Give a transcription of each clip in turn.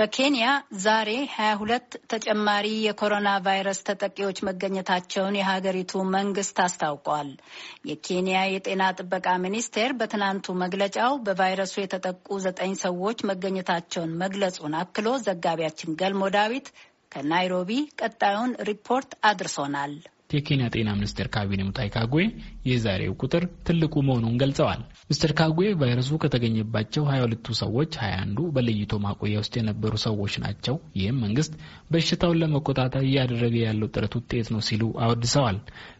በኬንያ ዛሬ 22 ተጨማሪ የኮሮና ቫይረስ ተጠቂዎች መገኘታቸውን የሀገሪቱ መንግስት አስታውቋል። የኬንያ የጤና ጥበቃ ሚኒስቴር በትናንቱ መግለጫው በቫይረሱ የተጠቁ ዘጠኝ ሰዎች መገኘታቸውን መግለጹን አክሎ ዘጋቢያችን ገልሞ ዳዊት ከናይሮቢ ቀጣዩን ሪፖርት አድርሶናል። የኬንያ ጤና ሚኒስቴር ካቢኔ ሙታይ ካጉዌ የዛሬው ቁጥር ትልቁ መሆኑን ገልጸዋል። ሚስተር ካጉዌ ቫይረሱ ከተገኘባቸው 22ቱ ሰዎች 21 ንዱ በለይቶ ማቆያ ውስጥ የነበሩ ሰዎች ናቸው፣ ይህም መንግስት በሽታውን ለመቆጣጠር እያደረገ ያለው ጥረት ውጤት ነው ሲሉ አወድሰዋል።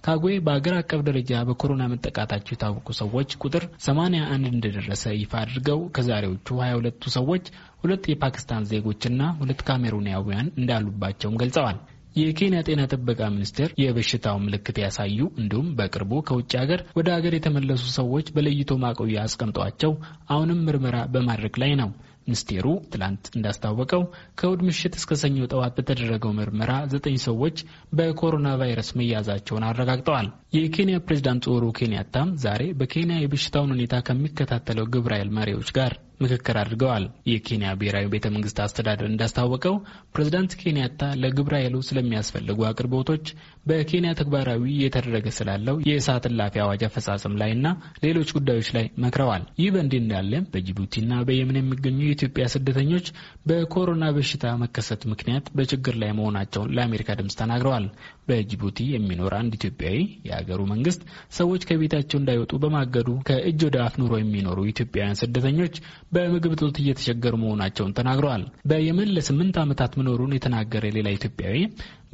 ካጉዌ በአገር አቀፍ ደረጃ በኮሮና መጠቃታቸው የታወቁ ሰዎች ቁጥር 81 እንደደረሰ ይፋ አድርገው ከዛሬዎቹ 22ቱ ሰዎች ሁለት የፓኪስታን ዜጎችና ሁለት ካሜሩናውያን እንዳሉባቸውም ገልጸዋል። የኬንያ ጤና ጥበቃ ሚኒስቴር የበሽታው ምልክት ያሳዩ እንዲሁም በቅርቡ ከውጭ ሀገር ወደ ሀገር የተመለሱ ሰዎች በለይቶ ማቆያ አስቀምጧቸው አሁንም ምርመራ በማድረግ ላይ ነው። ሚኒስቴሩ ትላንት እንዳስታወቀው ከእሁድ ምሽት እስከ ሰኞ ጠዋት በተደረገው ምርመራ ዘጠኝ ሰዎች በኮሮና ቫይረስ መያዛቸውን አረጋግጠዋል። የኬንያ ፕሬዝዳንት ኡሁሩ ኬንያታም ዛሬ በኬንያ የበሽታውን ሁኔታ ከሚከታተለው ግብረ ኃይል መሪዎች ጋር ምክክር አድርገዋል። የኬንያ ብሔራዊ ቤተ መንግስት አስተዳደር እንዳስታወቀው ፕሬዝዳንት ኬንያታ ለግብረ ኃይሉ ስለሚያስፈልጉ አቅርቦቶች በኬንያ ተግባራዊ እየተደረገ ስላለው የእሳት እላፊ አዋጅ አፈጻጸም ላይ እና ሌሎች ጉዳዮች ላይ መክረዋል። ይህ በእንዲህ እንዳለ በጅቡቲና በየመን የሚገኙ የኢትዮጵያ ስደተኞች በኮሮና በሽታ መከሰት ምክንያት በችግር ላይ መሆናቸውን ለአሜሪካ ድምፅ ተናግረዋል። በጅቡቲ የሚኖር አንድ ኢትዮጵያዊ የአገሩ መንግስት ሰዎች ከቤታቸው እንዳይወጡ በማገዱ ከእጅ ወደ አፍ ኑሮ የሚኖሩ ኢትዮጵያውያን ስደተኞች በምግብ እጦት እየተቸገሩ መሆናቸውን ተናግረዋል። በየመን ለስምንት ዓመታት መኖሩን የተናገረ ሌላ ኢትዮጵያዊ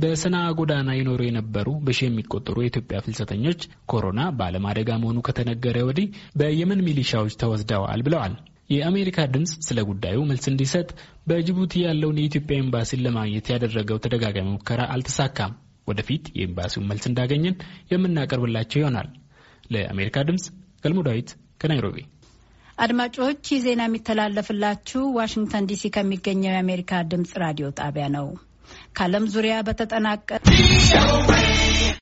በሰና ጎዳና ይኖሩ የነበሩ በሺ የሚቆጠሩ የኢትዮጵያ ፍልሰተኞች ኮሮና በዓለም አደጋ መሆኑ ከተነገረ ወዲህ በየመን ሚሊሻዎች ተወስደዋል ብለዋል። የአሜሪካ ድምፅ ስለ ጉዳዩ መልስ እንዲሰጥ በጅቡቲ ያለውን የኢትዮጵያ ኤምባሲን ለማግኘት ያደረገው ተደጋጋሚ ሙከራ አልተሳካም። ወደፊት የኤምባሲውን መልስ እንዳገኘን የምናቀርብላቸው ይሆናል። ለአሜሪካ ድምፅ ገልሞ ዳዊት ከናይሮቢ አድማጮች ይህ ዜና የሚተላለፍላችሁ ዋሽንግተን ዲሲ ከሚገኘው የአሜሪካ ድምጽ ራዲዮ ጣቢያ ነው። ከዓለም ዙሪያ በተጠናቀ